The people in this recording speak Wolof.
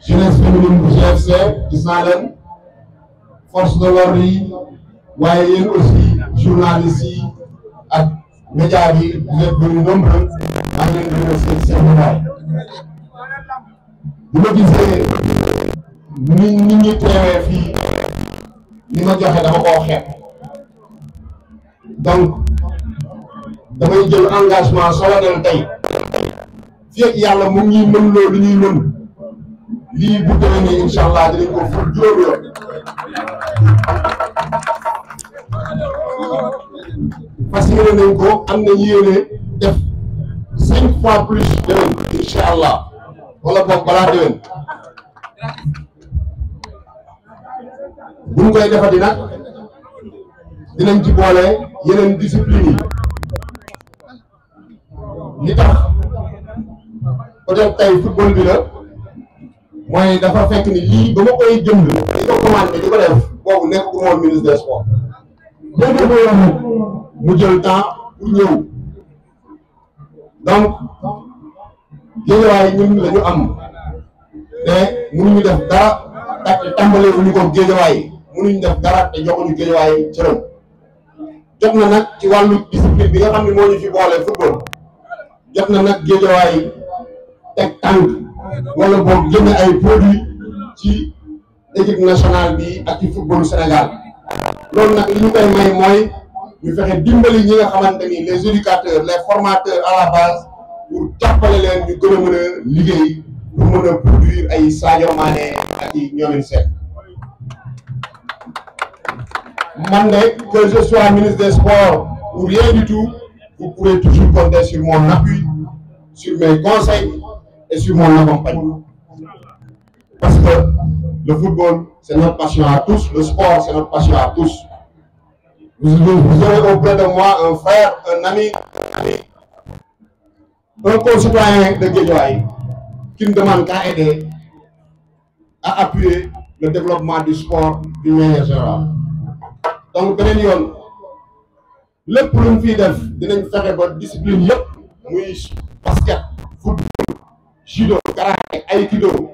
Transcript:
jeunesse féminine bu GFC gis naa force de l'ordre yi waaye yéen aussi journalistes yi ak média bi lépp lu nombreux maa ngi leen di remercier seen mbéy bu ma gisee ni nit ñi teewee fii li ma joxe dama koo xeeb donc damay jël engagement solo del tey fii ak yàlla mu ngi mën loolu ñuy mën. lii bu déwénee incha allah dinañ nañ ko am nañ yéene def cinq fois plus déwén incha allah wala boog balaa déwén buñ koy defati nag dinañ ci boole yeneen discipline yi li tax bi la. mooy dafa fekk ni lii ba ma koy jënd di ko commandé di ko def boobu nekk ku moon ministre des mu jël temps pour ñëw donc géejawaay ñun la ñu am te mënuñu def dara te tàmbalee wuñu ko géejawaay mënuñu def dara te joxuñu géejawaay cëram jot na nag ci wàllu discipline bi nga xam ne moo ñu fi boole football jot na nag géejawaay teg tànk wala boog jënd ay produits ci équipe nationale bi ak ci football Sénégal loolu nag li ñu koy may mooy ñu fexe dimbali ñi nga xamante ni les éducateurs les formateurs à la base pour jàppale leen gën a mën a liggéey pour mën a produire ay Sadio ak i ñoomin seet man de que je sois ministre des sports ou rien du tout vous pouvez toujours compter sur mon appui sur mes conseils et sur mon accompagnement. Parce que le football, c'est notre passion à tous, le sport, c'est notre passion à tous. Vous, vous aurez auprès de moi un frère, un ami, un concitoyen de Guédiawaye qui ne demande qu'à aider à appuyer le développement du sport du manière générale donc beneen yoon lépp lu mu fiy def dinañ fexe ba discipline yëpp muy basket judo karaté aikido